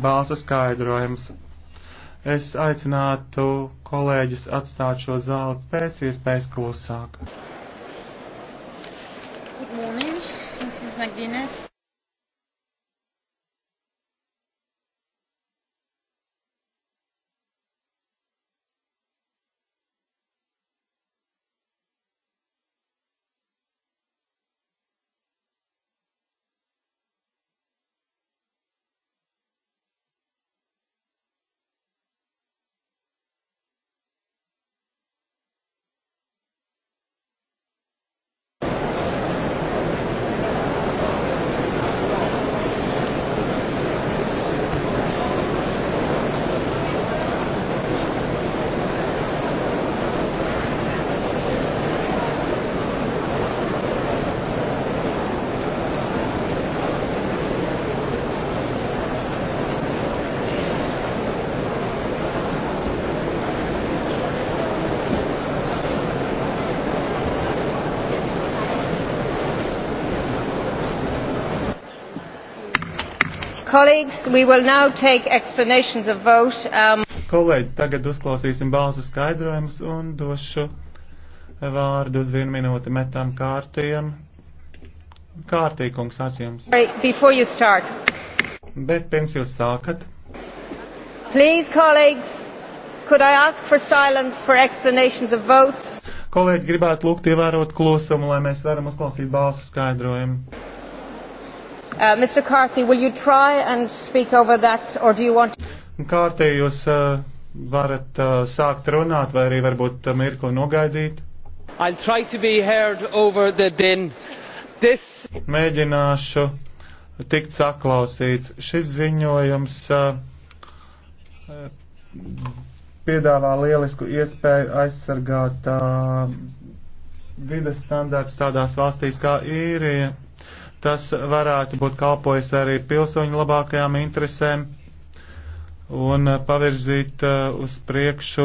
balsu skaidrojums. Es aicinātu kolēģus atstāt šo zāli pēc iespējas klusāk. Good morning. Mrs. McGuinness. Um... Kolēģi, tagad uzklausīsim balsu skaidrojumus un došu vārdu uz vienu minūti metam kārtiem. Kārtīkums, vārds jums. Right, Bet pirms jūs sākat. Please, colleagues, could I ask for silence for explanations of votes? Kolēģi, gribētu lūgt ievērot klusumu, lai mēs varam uzklausīt balsu skaidrojumu. Uh, Mr. Carthy, will you try and speak over that, or do you want? Kārtī, jūs uh, varat uh, sākt runāt, vai arī varbūt uh, mirkli nogaidīt. I'll try to be heard over the din. This... Mēģināšu tikt saklausīts. Šis ziņojums uh, piedāvā lielisku iespēju aizsargāt uh, vides standārts tādās valstīs kā īrija, Tas varētu būt kalpojis arī pilsoņu labākajām interesēm un pavirzīt uh, uz priekšu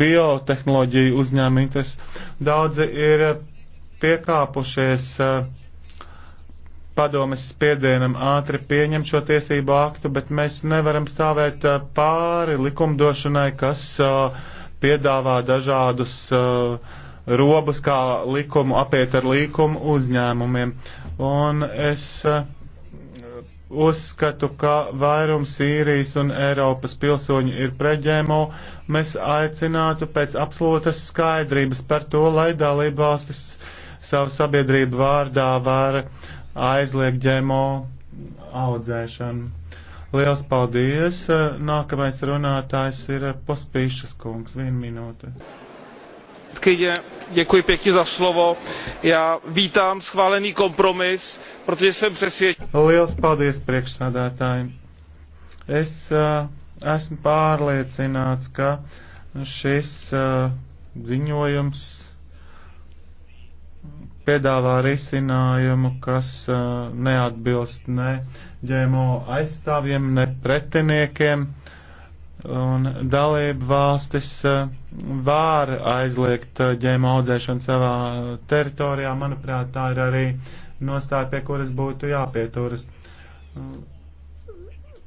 biotehnoloģiju uzņēmumu intereses. Daudzi ir piekāpušies uh, padomes spiedienam ātri pieņemt šo tiesību aktu, bet mēs nevaram stāvēt uh, pāri likumdošanai, kas piedāvā dažādus robus, kā likumu apiet ar līkumu uzņēmumiem un es uh, uzskatu, ka vairums Sīrijas un Eiropas pilsoņu ir preģēmo. Mēs aicinātu pēc absolūtas skaidrības par to, lai dalībvalstis savu sabiedrību vārdā var aizliegt ģēmo audzēšanu. Liels paldies! Nākamais runātājs ir Pospīšas kungs. Vienu minūti já vítám schválený kompromis protože jsem přesvědčen Es uh, esmu pārliecināts, ka šis uh, ziņojums piedāvā risinājumu, kas uh, neatbilst ne ģēmo aizstāvjiem, ne pretiniekiem. Uh, Un dalība valstis eh, var aizliegt eh, ģēmu audzēšanu savā teritorijā. Manuprāt, tā ir arī nostāja, pie kuras būtu jāpieturas.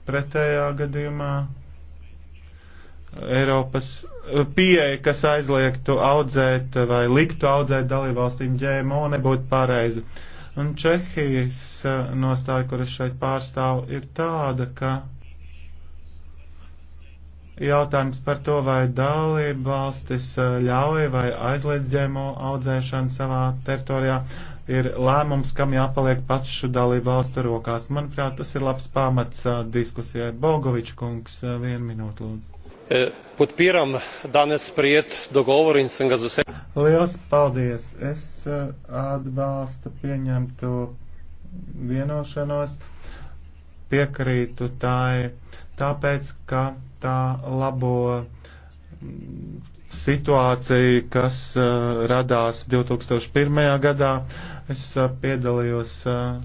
Pretējā gadījumā Eiropas eh, pieeja, kas aizliegtu audzēt vai liktu audzēt dalībvalstīm ģēmo, nebūtu pareiza. Un Čehijas nostāja, kuras šeit pārstāv, ir tāda, ka Jautājums par to, vai dalība valstis eh, ļauj vai aizliedz ģēmo audzēšanu savā teritorijā, ir lēmums, kam jāpaliek pašu dalību valstu rokās. Manuprāt, tas ir labs pamats eh, diskusijai. Bogovičs kungs, eh, vienu minūtu lūdzu. Podpiram danes spriet dogovor in sem ga z vsem. Liels paldies! Es atbalstu pieņemto vienošanos, piekrītu tai tāpēc, ka tā labo mm, situāciju, kas uh, radās 2001. gadā. Es uh, piedalījos uh,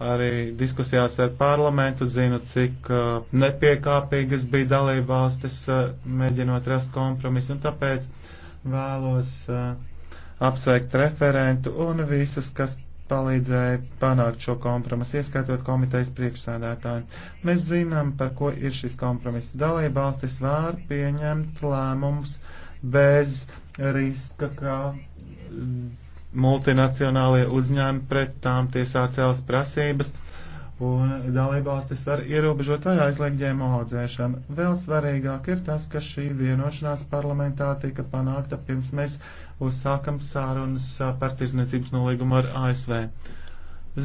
arī diskusijās ar parlamentu, zinu, cik uh, nepiekāpīgas bija dalībvalstis, uh, mēģinot rast kompromisu, un tāpēc vēlos uh, apsveikt referentu un visus, kas palīdzēja panākt šo kompromisu, ieskaitot komitejas priekšsēdētāju. Mēs zinām, par ko ir šis kompromiss. Dalībvalstis var pieņemt lēmumus bez riska, ka mm, multinacionālie uzņēmumi pret tām tiesā cels prasības. Uh, un dalībvalstis var ierobežot vai aizliegt ģēmo audzēšanu. Vēl svarīgāk ir tas, ka šī vienošanās parlamentā tika panākta pirms mēs uzsākam sārunas par tirzniecības nolīgumu ar ASV.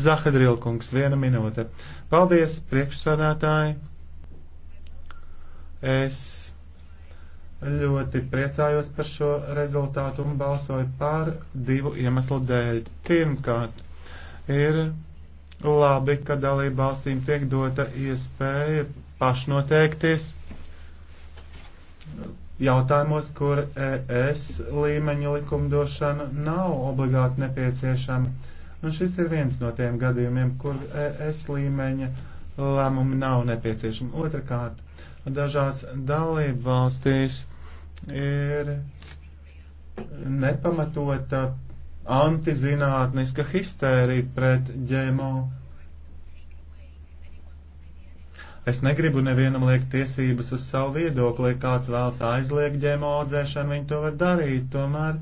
Zahadrilkungs, viena minūte. Paldies, priekšsādātāji. Es ļoti priecājos par šo rezultātu un balsoju par divu iemeslu dēļ. Pirmkārt, ir labi, ka dalību valstīm tiek dota iespēja pašnoteikties jautājumos, kur ES līmeņa likumdošana nav obligāti nepieciešama. Un šis ir viens no tiem gadījumiem, kur ES līmeņa lēmumi nav nepieciešami. Otrakārt, dažās dalību valstīs ir nepamatota antizinātniska histērija pret ģēmo. Es negribu nevienam liekt tiesības uz savu viedokli, ja kāds vēlas aizliegt ģēmo audzēšanu, viņi to var darīt, tomēr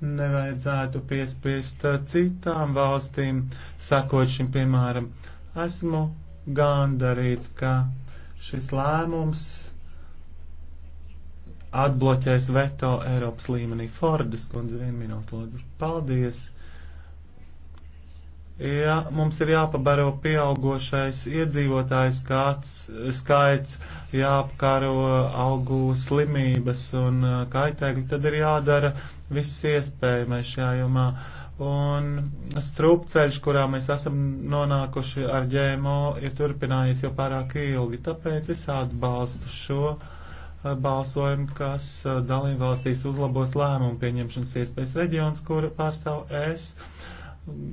nevajadzētu piespiest citām valstīm, sakot šim piemēram. Esmu gandarīts, ka šis lēmums atbloķēs veto Eiropas līmenī. Fordas kundze, vienu minūtu lūdzu. Paldies! Ja mums ir jāpabaro pieaugošais iedzīvotājs kāds skaits, jāapkaro augu slimības un uh, kaitēkļi, tad ir jādara viss iespējamais šajā jomā. Un strupceļš, kurā mēs esam nonākuši ar ģēmo, ir turpinājies jau pārāk ilgi, tāpēc es atbalstu šo Eh, balsojumu, kas eh, dalībvalstīs uzlabos lēmumu pieņemšanas iespējas reģions, kuru pārstāv es.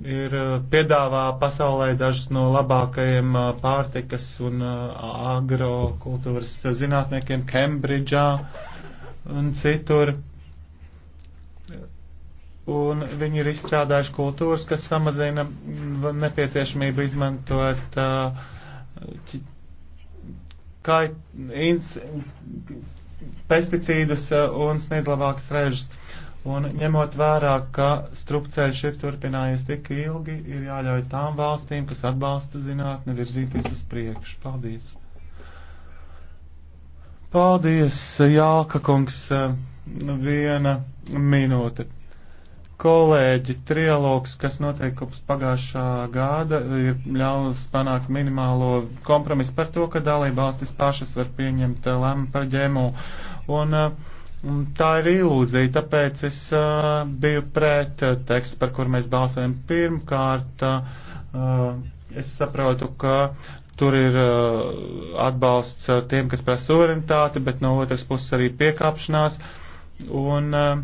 Ir eh, piedāvā pasaulē dažus no labākajiem pārtikas un agrokultūras zinātniekiem Kembridžā un citur. Un viņi ir izstrādājuši kultūras, kas samazina nepieciešamību izmantot uh, kait, ins, pesticīdus eh, un sniedlavākas režas. Un ņemot vērā, ka strupceļš ir turpinājies tik ilgi, ir jāļauj tām valstīm, kas atbalsta zinātni, virzīties uz priekšu. Paldies! Paldies, Jālka kungs, eh, viena minūte kolēģi, trialogs, kas notiek kopš pagājušā gada, ir ļauts panākt minimālo kompromisu par to, ka dalība valstis pašas var pieņemt eh, lēmumu par ģēmu. Un, eh, un tā ir ilūzija, tāpēc es uh, biju pret tekstu, par kur mēs balsojam pirmkārt. Uh, es saprotu, ka tur ir uh, atbalsts tiem, kas prasa suverenitāti, bet no otras puses arī piekāpšanās. Un, uh,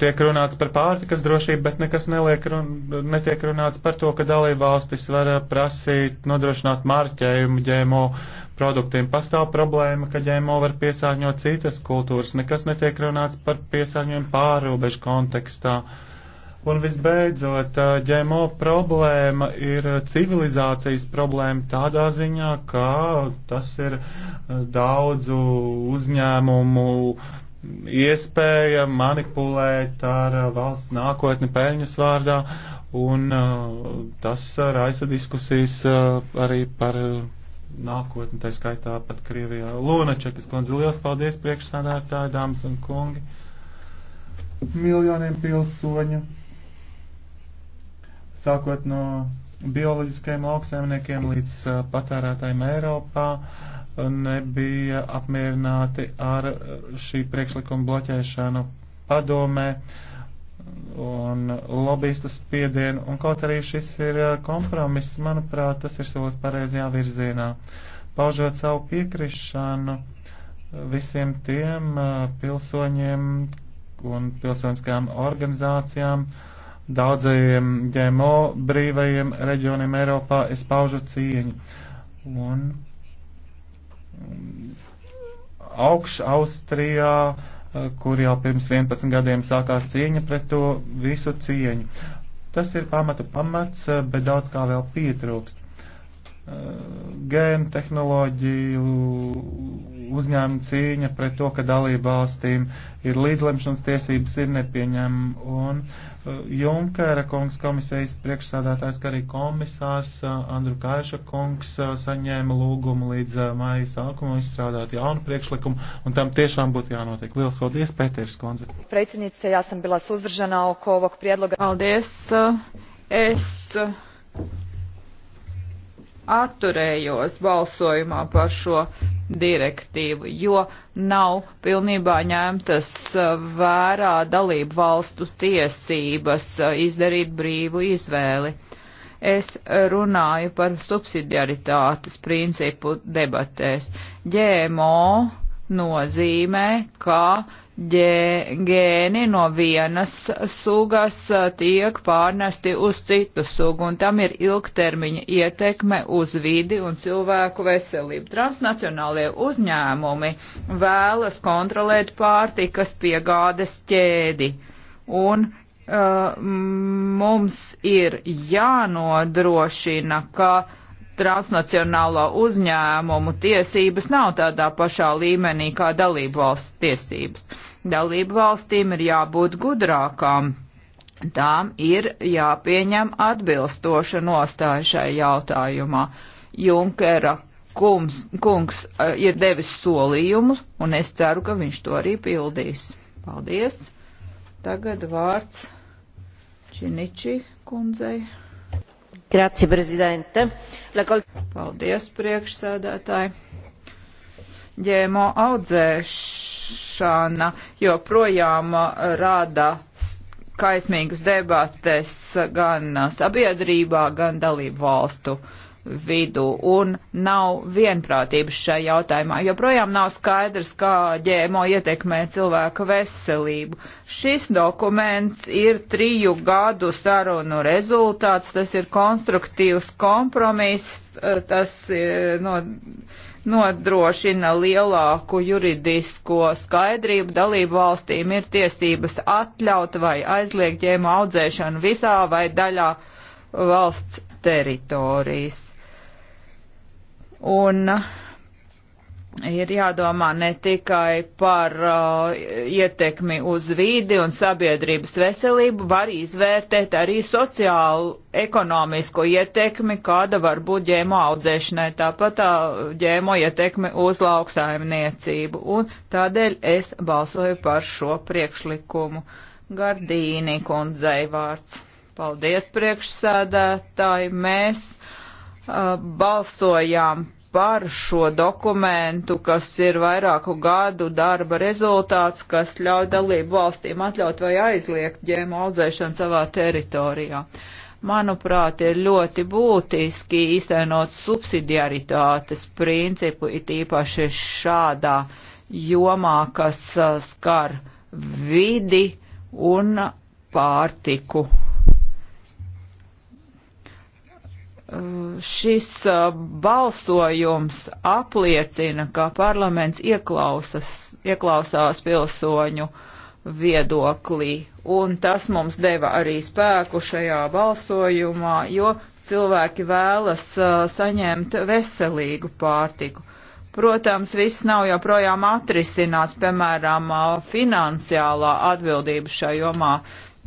tiek runāts par pārtikas drošību, bet nekas neliek, run, netiek runāts par to, ka dalībvalstis var prasīt nodrošināt mārķējumu ģēmo produktiem. Pastāv problēma, ka ģēmo var piesārņot citas kultūras, nekas netiek runāts par piesārņojumu pārobežu kontekstā. Un visbeidzot, ģēmo problēma ir civilizācijas problēma tādā ziņā, ka tas ir daudzu uzņēmumu iespēja manipulēt ar uh, valsts nākotni peļņas vārdā, un uh, tas uh, raisa diskusijas arī par nākotni, tā skaitā pat Krievijā. Lūnačekas kundze, liels paldies priekšsādātāji, dāmas un kungi, miljoniem pilsoņu, sākot no bioloģiskajiem lauksaimniekiem līdz patērētājiem Eiropā nebija apmierināti ar šī priekšlikuma bloķēšanu padomē un lobbyistu spiedienu, un kaut arī šis ir kompromiss, manuprāt, tas ir solis pareizajā virzienā. Paužot savu piekrišanu visiem tiem pilsoņiem un pilsoniskajām organizācijām, uh, daudzajiem GMO brīvajiem reģioniem Eiropā es paužu cieņu. Un augš Austrijā, eh, kur jau pirms 11 gadiem sākās cieņa pret to visu cieņu. Tas ir pamatu pamats, eh, bet daudz kā vēl pietrūkst. Eh, gēnu tehnoloģiju uzņēmuma cīņa pret to, ka dalībvalstīm ir līdzlemšanas tiesības, ir nepieņemama. Eh, Junkera kungs, komisijas priekšsādātājs, kā arī komisārs eh, Andru Kaiša kungs eh, saņēma lūgumu līdz māja sākumu izstrādāt jaunu priekšlikumu, un tam tiešām būtu jānotiek. Lielas paldies, Pēteris Konze. Predsjednice, ja sam bila suzdržana oko ovog prijedloga. Paldies. Es atturējos balsojumā par šo direktīvu, jo nav pilnībā ņemtas uh, vērā dalību valstu tiesības uh, izdarīt brīvu izvēli. Es runāju par subsidiaritātes principu debatēs. ģēmo nozīmē, ka gēni no vienas sugas tiek pārnesti uz citu sugu, un tam ir ilgtermiņa ietekme uz vidi un cilvēku veselību. Transnacionālie uzņēmumi vēlas kontrolēt pārtikas piegādes ķēdi, un uh, mums ir jānodrošina, ka uh, transnacionālo uzņēmumu tiesības nav tādā pašā līmenī kā dalību valsts tiesības. Dalību valstīm ir jābūt gudrākām. Tām ir jāpieņem atbilstoša nostāja šai jautājumā. Junkera kungs, kungs eh, ir devis solījumus, un es ceru, ka viņš to arī pildīs. Paldies! Tagad vārds Činiči kundzei. Grazie, prezidente. Kol... Paldies, priekšsēdētāji. Ģēmo audzēšana joprojām uh, rada kaismīgas debates gan uh, sabiedrībā, gan dalību valstu uh, vidū un nav vienprātības šajā jautājumā. Joprojām nav skaidrs, kā ģēmo ietekmē cilvēka veselību. Šis dokuments ir triju gadu sarunu rezultāts, tas ir konstruktīvs kompromiss, eh, tas eh, no, nodrošina lielāku juridisko skaidrību. Dalību valstīm ir tiesības atļaut vai aizliegt ģēmo audzēšanu visā vai daļā valsts teritorijas Un ir jādomā ne tikai par uh, ietekmi uz vīdi un sabiedrības veselību, var izvērtēt arī sociālu ekonomisko ietekmi, kāda var būt ģēmo audzēšanai, tāpat tā uh, ģēmo ietekmi uz lauksaimniecību. Un tādēļ es balsoju par šo priekšlikumu. Gardīni kundzei vārds. Paldies priekšsēdētāji, mēs balsojām par šo dokumentu, kas ir vairāku gadu darba rezultāts, kas ļauj dalību valstīm atļaut vai aizliegt ģēmu audzēšanu savā teritorijā. Manuprāt, ir ļoti būtiski īstenot subsidiaritātes principu, it īpaši šādā jomā, kas skar vidi un pārtiku. šis uh, balsojums apliecina, ka parlaments ieklausas, ieklausās pilsoņu viedoklī, un tas mums deva arī spēku šajā balsojumā, jo cilvēki vēlas uh, saņemt veselīgu pārtiku. Protams, viss nav joprojām atrisināts, piemēram, uh, finansiālā atbildība šajā jomā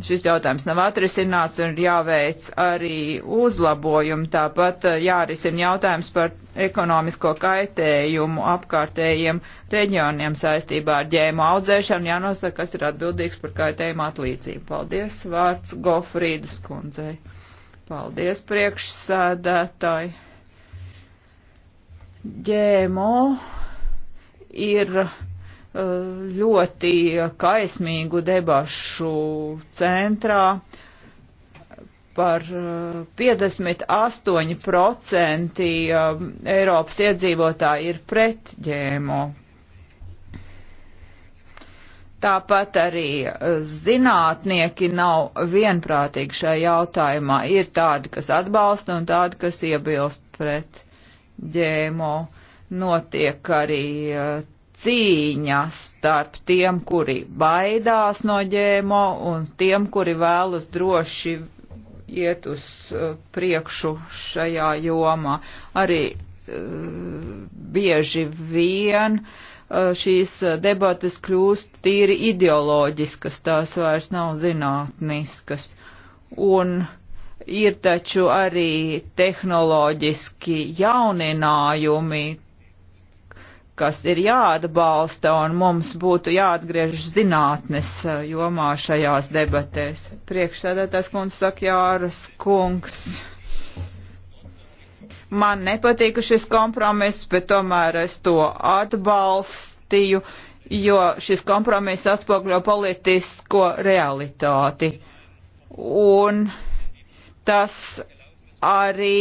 šis jautājums nav atrisināts un ir jāveic arī uzlabojumi. Tāpat eh, jārisina jautājums par ekonomisko kaitējumu apkārtējiem reģioniem saistībā ar ģēmu audzēšanu. Jānosaka, kas ir atbildīgs par kaitējumu atlīdzību. Paldies, vārds Gofrīdas kundzei. Paldies, priekšsēdētāji. ģēmo ir ļoti kaismīgu debašu centrā. Par 58% uh, uh, Eiropas iedzīvotāji ir pret ģēmo. Tāpat arī uh, zinātnieki nav vienprātīgi šajā jautājumā. Ir tādi, kas atbalsta un tādi, kas iebilst pret ģēmo. Notiek arī cīņa starp tiem, kuri baidās no ģēmo un tiem, kuri vēlas droši iet uz eh, priekšu šajā jomā. Arī eh, bieži vien eh, šīs debates kļūst tīri ideoloģiskas, tās vairs nav zinātniskas. Un ir taču arī tehnoloģiski jauninājumi, kas ir jāatbalsta, un mums būtu jāatgriežas zinātnes uh, jomā šajās debatēs. Priekšsēdētājs kundze saka Jāras kungs. Man nepatīk šis kompromiss, bet tomēr es to atbalstīju, jo šis kompromiss atspogļo politisko realitāti. Un tas arī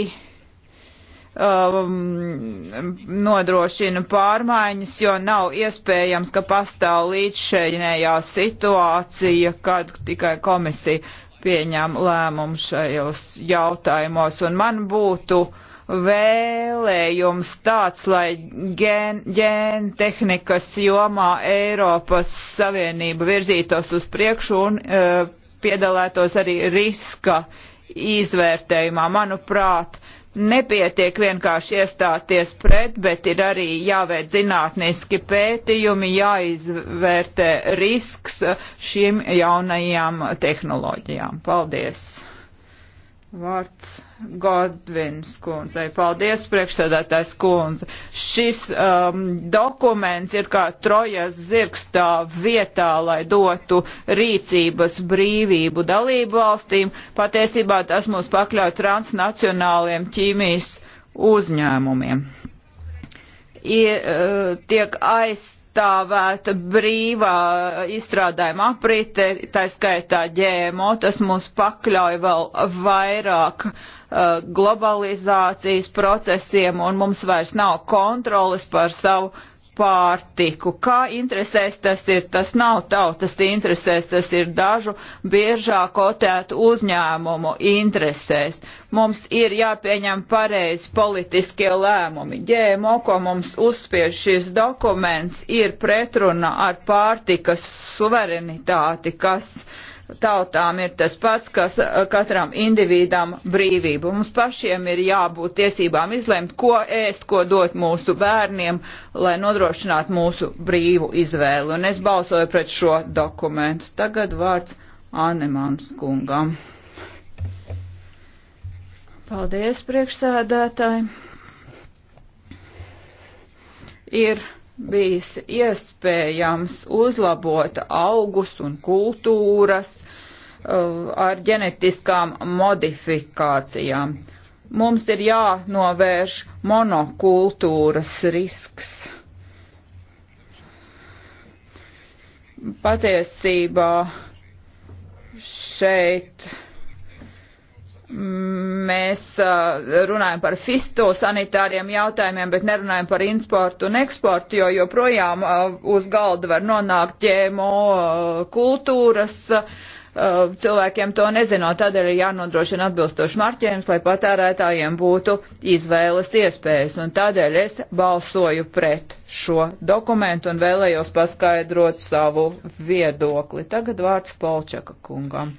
um, nodrošina pārmaiņas, jo nav iespējams, ka pastāv līdzšējnējā situācija, kad tikai komisija pieņem lēmumu šajos jautājumos. Un man būtu vēlējums tāds, lai gen, gen tehnikas jomā Eiropas Savienība virzītos uz priekšu un uh, piedalētos arī riska izvērtējumā. Manuprāt, uh, nepietiek vienkārši iestāties pret, bet ir arī jāveic zinātniski pētījumi, jāizvērtē risks šīm jaunajām tehnoloģijām. Paldies! Vārds Godvins kundzei. Paldies, priekšsēdētājs kundze. Šis um, dokuments ir kā trojas zirgstā vietā, lai dotu rīcības brīvību dalību valstīm. Patiesībā tas mūs pakļauj transnacionāliem ķīmijas uzņēmumiem. I, uh, tiek aizstāvēt aizstāvēt brīvā izstrādājuma aprite, tā skaitā ģēmo, tas mūs pakļauj vēl vairāk uh, globalizācijas procesiem un mums vairs nav kontroles par savu pārtiku. Kā interesēs tas ir? Tas nav tautas interesēs, tas ir dažu biežāk kotētu uzņēmumu interesēs. Mums ir jāpieņem pareizi politiskie lēmumi. ģēmo, ko mums uzspiež šis dokuments, ir pretruna ar pārtikas suverenitāti, kas uh, tautām ir tas pats, kas eh, katram individam brīvību. Mums pašiem ir jābūt tiesībām izlemt, ko ēst, ko dot mūsu bērniem, lai nodrošinātu mūsu brīvu izvēli. Un es balsoju pret šo dokumentu. Tagad vārds Anemans kungam. Paldies, priekšsēdētāji. Ir bijis iespējams uzlabot augus un kultūras, ar ģenetiskām modifikācijām. Mums ir jānovērš monokultūras risks. Patiesībā šeit mēs runājam par fistosanitāriem jautājumiem, bet nerunājam par importu un eksportu, jo joprojām uz galda var nonākt ģēmo kultūras, uh, Eh, cilvēkiem to nezinot. Tādēļ ir jānodrošina atbilstošs marķējums, lai patērētājiem būtu izvēles iespējas. Un tādēļ es balsoju pret šo dokumentu un vēlējos paskaidrot savu viedokli. Tagad vārds Polčaka kungam.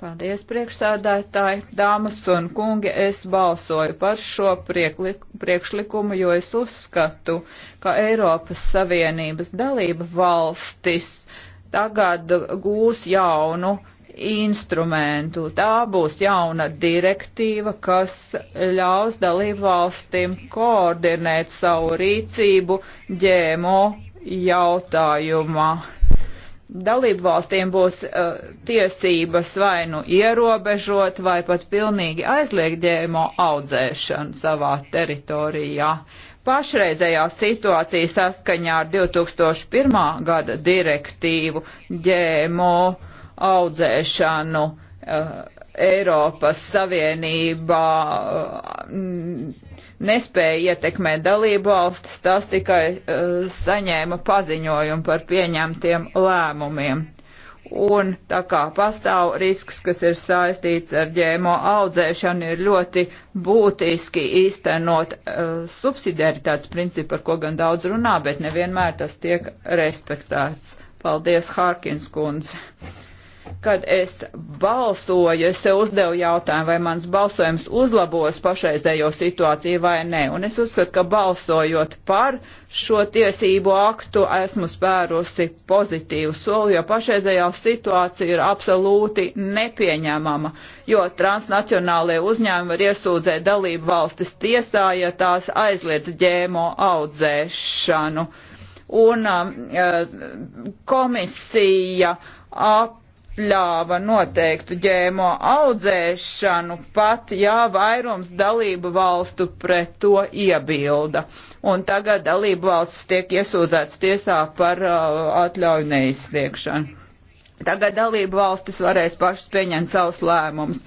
Paldies, priekšsādātāji, dāmas un kungi, es balsoju par šo priekšlikumu, jo es uzskatu, ka Eiropas Savienības dalība valstis uh, tagad gūs jaunu instrumentu. Tā būs jauna direktīva, kas ļaus dalību valstīm koordinēt savu rīcību ģēmo jautājumā. Dalību valstīm būs uh, tiesības vai nu ierobežot vai pat pilnīgi aizliegt ģēmo audzēšanu savā teritorijā. Uh, pašreizējā situācija saskaņā ar 2001. gada direktīvu ģēmo audzēšanu uh, Eiropas Savienībā uh, nespēja ietekmēt dalību valstis, tas tikai uh, saņēma paziņojumu par pieņemtiem lēmumiem un tā kā pastāv risks, kas ir saistīts ar ģēmo audzēšanu, ir ļoti būtiski īstenot uh, subsidiaritātes principu, par ko gan daudz runā, bet nevienmēr tas tiek respektēts. Paldies, Hārkins kundze! kad es balsoju, es sev uzdevu jautājumu, vai mans balsojums uzlabos pašreizējo situāciju vai nē. Un es uzskatu, ka balsojot par šo tiesību aktu, esmu spērusi pozitīvu soli, jo pašreizējā situācija ir absolūti nepieņemama, jo transnacionālie uzņēmumi var iesūdzēt dalību valstis tiesā, ja tās aizliedz ģēmo audzēšanu. Un uh, komisija ap ļāva noteiktu ģēmo audzēšanu, pat ja vairums dalību valstu pret to iebilda. Un tagad dalību valsts tiek iesūdzēts tiesā par uh, atļauju neizsniegšanu. Tagad dalību valstis varēs pašas pieņemt savus lēmumus.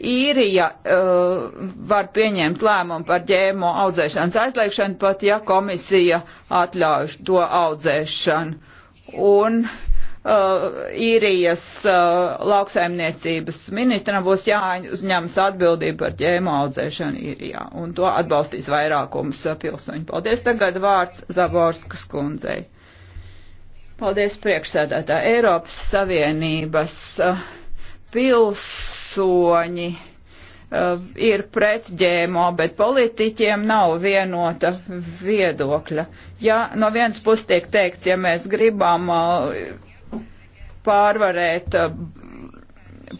Īrija uh, var pieņemt lēmumu par ģēmo audzēšanas aizliekšanu, pat ja komisija atļauj to audzēšanu. Un uh, Uh, īrijas uh, lauksaimniecības ministram būs jāuzņemas atbildība par ķēmu audzēšanu īrijā, un to atbalstīs vairākums uh, pilsoņu. Paldies, tagad vārds Zaborskas kundzei. Paldies, priekšsēdētā Eiropas Savienības uh, pilsoņi uh, ir pret ģēmo, bet politiķiem nav vienota viedokļa. Ja no vienas puses tiek teikts, ja mēs gribam uh, pārvarēt uh,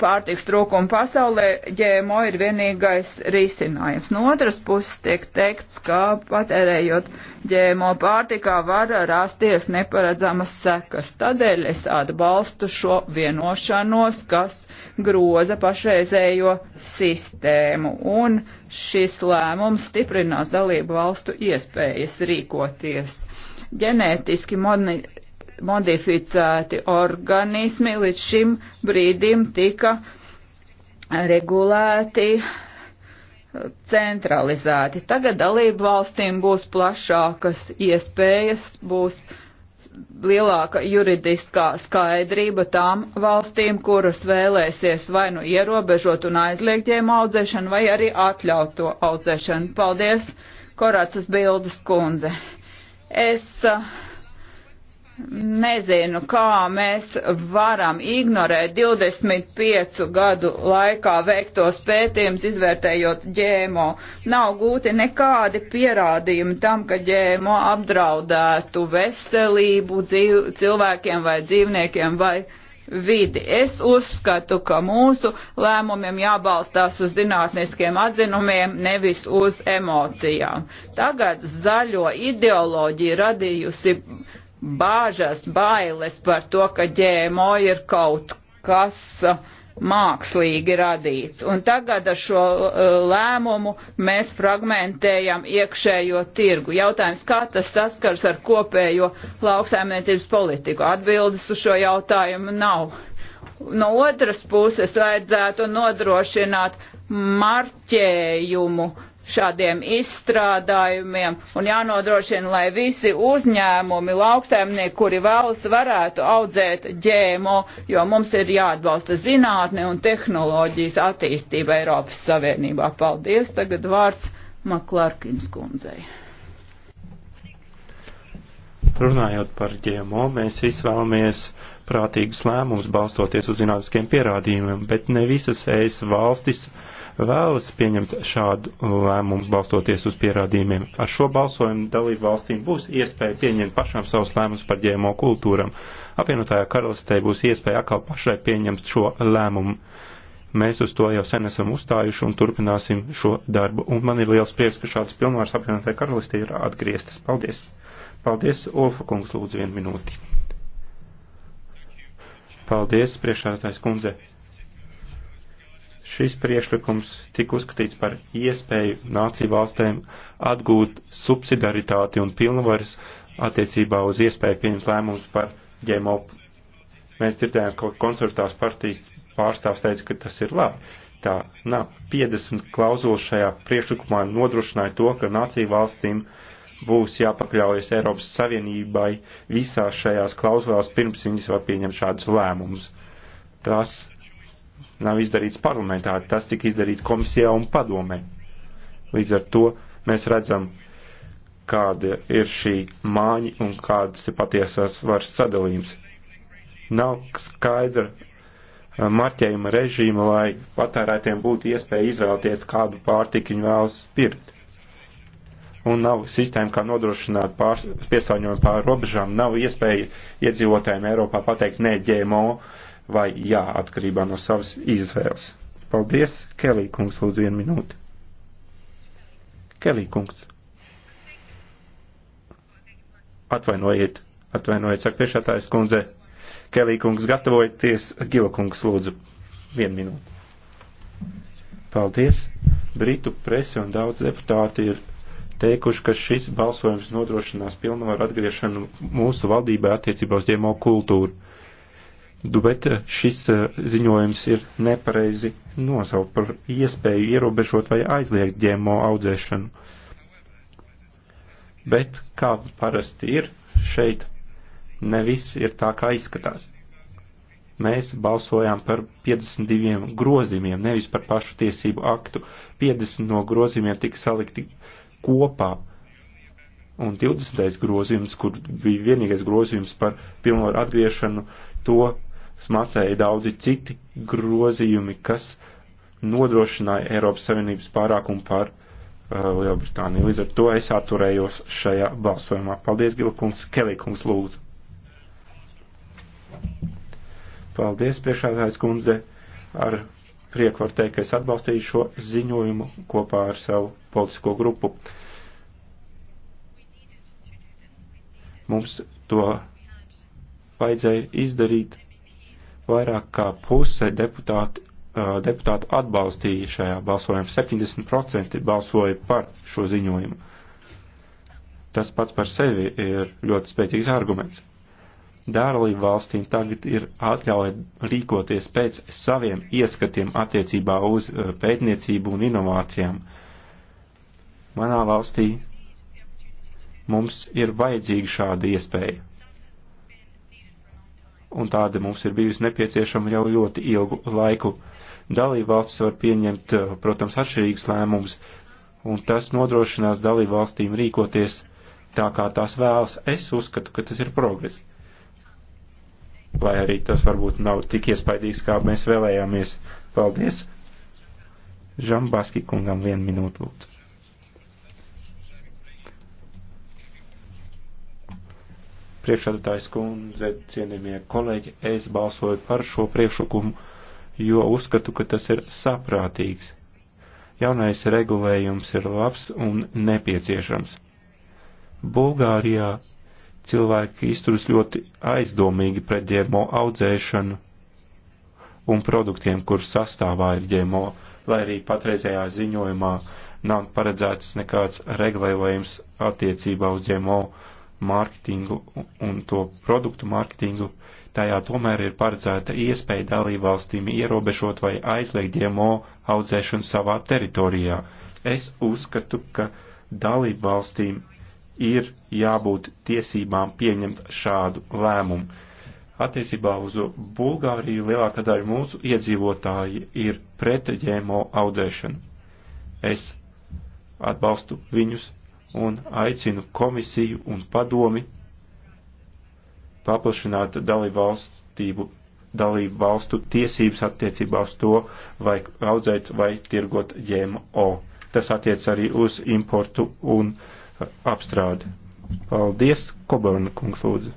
pārtiks trūkumu pasaulē, ģēmo ir vienīgais risinājums. No otras puses tiek teikts, ka patērējot ģēmo pārtikā var rasties neparedzamas sekas. Tādēļ es atbalstu šo vienošanos, kas groza pašreizējo sistēmu, un šis lēmums stiprinās dalību valstu iespējas rīkoties ģenētiski modi modificēti organismi līdz šim brīdim tika regulēti centralizēti. Tagad dalību valstīm būs plašākas iespējas, būs lielāka juridiskā skaidrība tām valstīm, kuras vēlēsies vai nu ierobežot un aizliegt ģēmu audzēšanu, vai arī atļaut to audzēšanu. Paldies, Korācas Bildes kundze. Es uh, nezinu, kā mēs varam ignorēt 25 gadu laikā veiktos pētījumus, izvērtējot ģēmo. Nav gūti nekādi pierādījumi tam, ka ģēmo apdraudētu veselību dzīv, cilvēkiem vai dzīvniekiem vai vidi. Es uzskatu, ka mūsu lēmumiem jābalstās uz zinātniskiem atzinumiem, nevis uz emocijām. Tagad zaļo ideoloģija radījusi bāžas, bailes par to, ka ģēmo ir kaut kas uh, mākslīgi radīts. Un tagad ar šo uh, lēmumu mēs fragmentējam iekšējo tirgu. Jautājums, kā tas saskars ar kopējo lauksaimniecības politiku? Atbildes uz šo jautājumu nav. No otras puses vajadzētu nodrošināt marķējumu uh, šādiem izstrādājumiem un jānodrošina, lai visi uzņēmumi, lauksaimnieki, kuri vēlas, varētu audzēt ģēmo, jo mums ir jāatbalsta zinātne un tehnoloģijas attīstība Eiropas Savienībā. Paldies! Tagad vārds Maklārkins kundzei. Runājot par GMO, mēs izvēlamies prātīgus lēmumus balstoties uz zinātniskiem pierādījumiem, bet ne visas ES valstis vēlas pieņemt šādu lēmumu balstoties uz pierādījumiem. Ar šo balsojumu dalību valstīm būs iespēja pieņemt pašām savus lēmumus par GMO kultūram. Apvienotajā karalistē būs iespēja atkal pašai pieņemt šo lēmumu. Mēs uz to jau sen esam uzstājuši un turpināsim šo darbu. Un man ir liels prieks, ka šādas pilnvaras apvienotajā karalistē ir atgrieztas. Paldies! Paldies, Olfa kungs, lūdzu vienu minūti. Paldies, priekšādātājs kundze. Šis priekšlikums tika uzskatīts par iespēju nāciju valstēm atgūt subsidaritāti un pilnvaras attiecībā uz iespēju pieņemt lēmumus par ģēmo. Mēs dzirdējām, ka konservatīvās partijas pārstāvs teica, ka tas ir labi. Tā nav. 50 klauzulas šajā priekšlikumā nodrošināja to, ka nāciju valstīm uh, būs jāpakļaujas Eiropas Savienībai visās šajās klausulās, pirms viņas var pieņemt šādus lēmumus. Tas nav izdarīts parlamentā, tas tika izdarīts komisijā un padomē. Līdz ar to mēs redzam, kāda ir šī māņa un kādas ir patiesās varas sadalījums. Nav skaidra eh, marķējuma režīma, lai patērētiem būtu iespēja izvēlēties, kādu pārtiku viņi vēlas pirkt un nav sistēma, kā nodrošināt pār, piesārņojumu pār robežām, nav iespēja iedzīvotājiem Eiropā pateikt nē ģēmo vai jā atkarībā no savas izvēles. Paldies, Kelī kungs, lūdzu vienu minūti. Kelī kungs. Atvainojiet, atvainojiet, saka priekšētājas kundze. Kelī kungs, gatavojieties, Gila kungs, lūdzu. Vienu minūti. Paldies. Britu presi un daudz deputāti ir teikuši, ka šis balsojums nodrošinās pilnvaru atgriešanu mūsu valdībai attiecībā uz ģemo kultūru. Bet eh, šis eh, ziņojums ir nepareizi nosaukt par iespēju ierobežot vai aizliegt ģemo audzēšanu. Bet, kā parasti ir, šeit ne viss ir tā, kā izskatās. Mēs balsojām par 52 grozījumiem, nevis par pašu tiesību aktu. 50 no grozījumiem tika salikti uh, kopā. Un 20. grozījums, kur bija vienīgais grozījums par pilnvaru atgriešanu, to smacēja daudzi citi grozījumi, kas nodrošināja Eiropas Savienības pārākumu pār uh, Lielbritāniju. Līdz ar to es atturējos šajā balsojumā. Paldies, Gilakungs, Kelikungs, lūdzu. Paldies, priekšādājs kundze, ar prieku var teikt, ka es atbalstīju šo ziņojumu kopā ar savu politisko grupu. Mums to vajadzēja izdarīt. Vairāk kā puse deputāti, deputāti atbalstīja šajā balsojumā. 70% balsoja par šo ziņojumu. Tas pats par sevi ir ļoti spēcīgs arguments dārlību valstīm tagad ir atļauja rīkoties pēc saviem ieskatiem attiecībā uz eh, pētniecību un inovācijām. Manā valstī mums ir vajadzīga šāda iespēja. Un tāda mums ir bijusi nepieciešama jau ļoti ilgu laiku. Dalība valsts var pieņemt, eh, protams, atšķirīgus lēmumus, un tas nodrošinās dalību valstīm rīkoties tā, kā tās vēlas. Es uzskatu, ka tas ir progress lai arī tas varbūt nav tik iespaidīgs, kā mēs vēlējāmies. Paldies! Žambaski kungam vienu minūtu lūdzu. Priekšādātājs kundze, cienījamie kolēģi, es balsoju par šo priekšlikumu, jo uzskatu, ka tas ir saprātīgs. Jaunais regulējums ir labs un nepieciešams. Bulgārijā cilvēki izturas ļoti aizdomīgi pret ģēmo audzēšanu un produktiem, kur sastāvā ir ģēmo, lai arī patreizējā ziņojumā nav paredzēts nekāds regulējums attiecībā uz ģēmo mārketingu un to produktu mārketingu, tajā tomēr ir paredzēta iespēja dalībvalstīm ierobežot vai aizliegt ģēmo audzēšanu savā teritorijā. Es uzskatu, ka dalībvalstīm ir jābūt tiesībām pieņemt šādu lēmumu. Attiecībā uz Bulgāriju lielākā daļa mūsu iedzīvotāji ir pret ģēmo audēšanu. Es atbalstu viņus un aicinu komisiju un padomi paplašināt dalībvalstību dalību valstu tiesības attiecībā uz to, vai audzēt vai tirgot ģēmo. Tas attiec arī uz importu un uh, apstrādi. Paldies, Kobarna kungs lūdzu.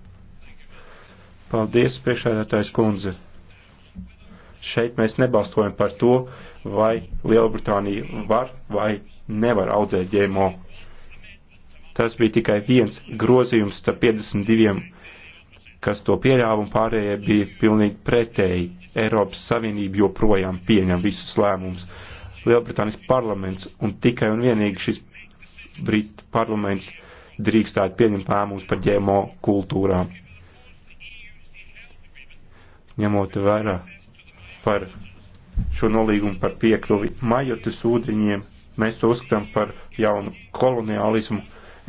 Paldies, priekšēdētājs kundze. Šeit mēs nebalstojam par to, vai Lielbritānija var vai nevar audzēt ģēmo. Tas bija tikai viens grozījums starp 52, kas to pieļāva un pārējie bija pilnīgi pretēji. Eiropas Savienība joprojām pieņem visus lēmumus. Lielbritānijas parlaments un tikai un vienīgi šis Britu parlaments drīkstētu pieņemt lēmumus par ģēmo kultūrām. Ņemot vērā par šo nolīgumu par piekļuvi majotas ūdeņiem, mēs to uzskatām par jaunu koloniālismu.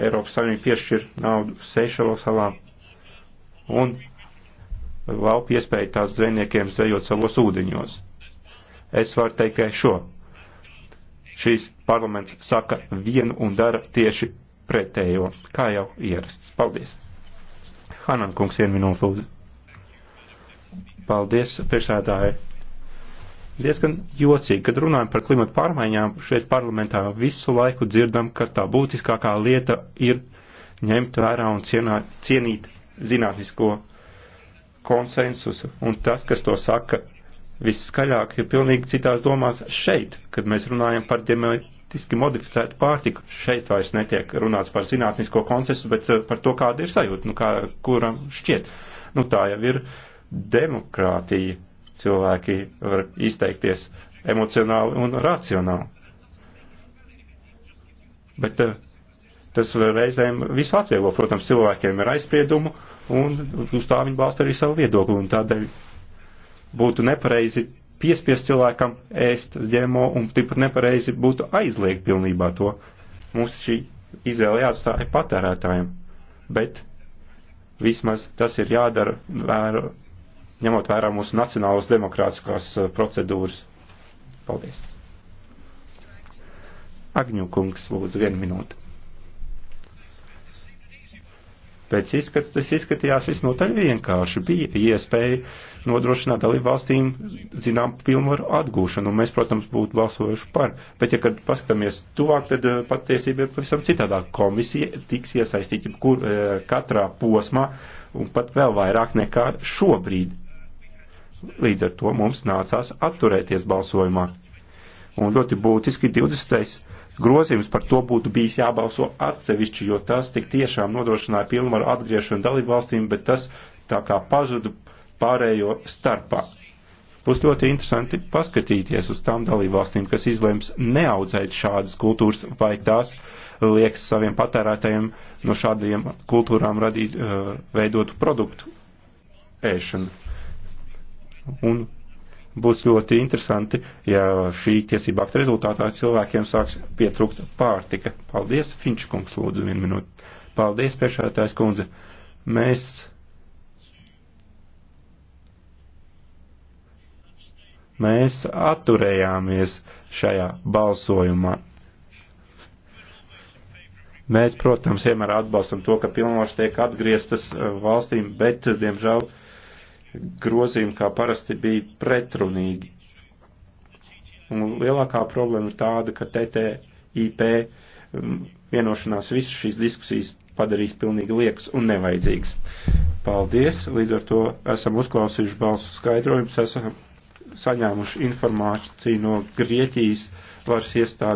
Eiropas Savienība piešķir naudu Seišelo salām un laupa iespēju tās zvejniekiem zvejot savos ūdeņos. Es varu teikt tikai šo šīs parlaments saka vienu un dara tieši pretējo, kā jau ierasts. Paldies! Hanan kungs, vienu minūtu lūdzu. Paldies, priekšsēdāji. Diezgan jocīgi, kad runājam par klimatu pārmaiņām, šeit parlamentā visu laiku dzirdam, ka tā būtiskākā lieta ir ņemt vērā un cienā, cienīt zinātnisko konsensusu. Un tas, kas to saka, visskaļāk ir pilnīgi citās domās šeit, kad mēs runājam par ģenētiski modificētu pārtiku. Šeit vairs netiek runāts par zinātnisko konsensu, bet eh, par to, kāda ir sajūta, nu kā, kuram šķiet. Nu tā jau ir demokrātija. Cilvēki var izteikties emocionāli un racionāli. Bet eh, tas reizēm visu atvieglo. Protams, cilvēkiem ir aizspriedumu un uz tā viņi balsta arī savu viedokli. Un tādēļ būtu nepareizi piespiest cilvēkam ēst ģēmo un tikpat nepareizi būtu aizliegt pilnībā to. Mums šī izvēle jāatstāja patērētājiem, bet vismaz tas ir jādara vēro, ņemot vērā mūsu nacionālas demokrātiskās eh, procedūras. Paldies! Agņukungs, lūdzu, vienu minūti. Pēc izskats tas izskatījās visnotaļ vienkārši. Bija iespēja nodrošināt dalību valstīm, zinām, pilnvaru atgūšanu, un mēs, protams, būtu balsojuši par. Bet, ja kad paskatāmies tuvāk, tad eh, patiesība ir pavisam citādāk. Komisija tiks iesaistīta kur, eh, katrā posmā, un pat vēl vairāk nekā šobrīd. Līdz ar to mums nācās atturēties balsojumā. Un ļoti būtiski 20 grozījums par to būtu bijis jābalso atsevišķi, jo tas tik tiešām nodrošināja pilnvaru atgriešanu dalību valstīm, bet tas tā kā pazuda pārējo starpā. Būs ļoti interesanti paskatīties uz tām dalību valstīm, kas izlems neaudzēt šādas kultūras vai tās liekas saviem patērētājiem no šādiem kultūrām radīt, eh, veidotu produktu ēšanu. Un Būs ļoti interesanti, ja šī tiesība akta rezultātā cilvēkiem sāks pietrūkt pārtika. Paldies, Finčkungs, lūdzu, vienu minūti. Paldies, priekšētājs kundze. Mēs mēs atturējāmies šajā balsojumā. Mēs, protams, vienmēr atbalstam to, ka pilnvars tiek atgrieztas uh, valstīm, bet, diemžēl, uh, grozījumi, kā parasti, bija pretrunīgi. Un lielākā problēma ir tāda, ka TTIP um, vienošanās visas šīs diskusijas padarīs pilnīgi liekas un nevajadzīgas. Paldies, līdz ar to esam uzklausījuši balsu skaidrojumus, esam saņēmuši informāciju no Grieķijas varas iestādes.